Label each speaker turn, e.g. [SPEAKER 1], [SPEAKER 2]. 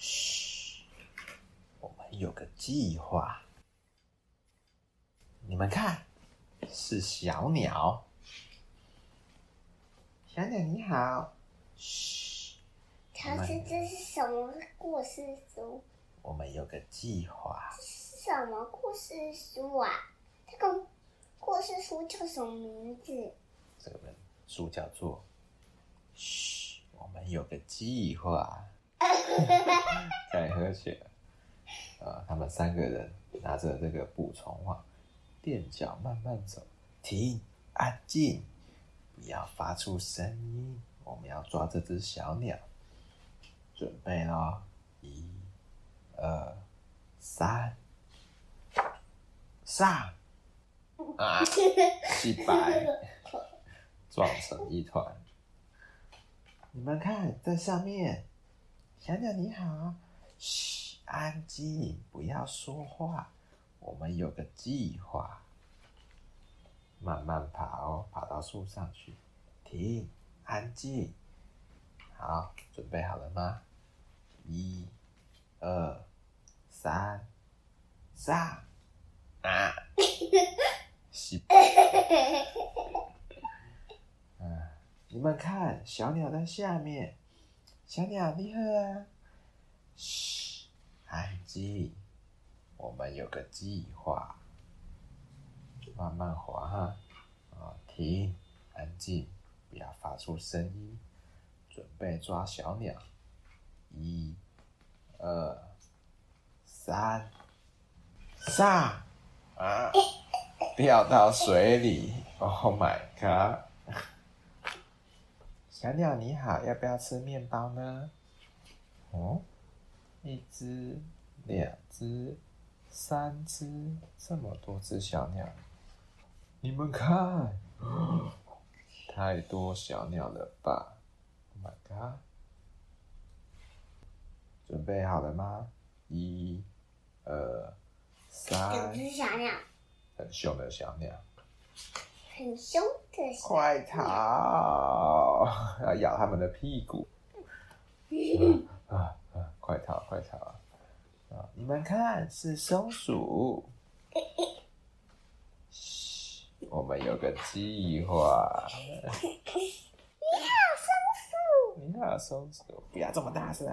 [SPEAKER 1] 噓，我們有個計劃。你們看，是小鳥。小鳥你好。噓。它是我們，這是什麼故事書？我們有個計劃。這是什麼故事書啊？這個故事書叫什麼名字？這本書叫做。噓，我們有個計劃。在和解。啊、 呃，他們三個人拿着這個捕蟲網，墊腳慢慢走，停，安靜，不要發出聲音。我們要抓這只小鳥，準備嘍！一、二、三，上！啊，失敗，撞成一團。你們看，在上面。小鳥你好，噓，安靜，不要說話，我們有個計劃，慢慢跑，哦，跑到樹上去，停，安靜，好，準備好了嗎？一、二、三、三，啊，四，嗯，你們看，小鳥在下面。小鳥你好啊！噓，安靜，我們有個計劃。慢慢滑哈，啊、哦，停，安靜，不要發出聲音，準備抓小鳥。一、二、三，上！啊，掉到水裡 ！Oh my god！小鳥你好，要不要吃麵包呢？哦，一隻、兩隻、三隻，這麼多隻小鳥，你們看，太多小鳥了吧？Oh my God、準備好了嗎？一、二、三，欸、小鳥，很兇的小鳥。很凶的小，快逃！要咬他們的屁股！嗯、啊啊，快逃快逃、啊！你們看是松鼠，噓， 我們有個計劃。 你好，松鼠！你好，松鼠！不要這麼大聲。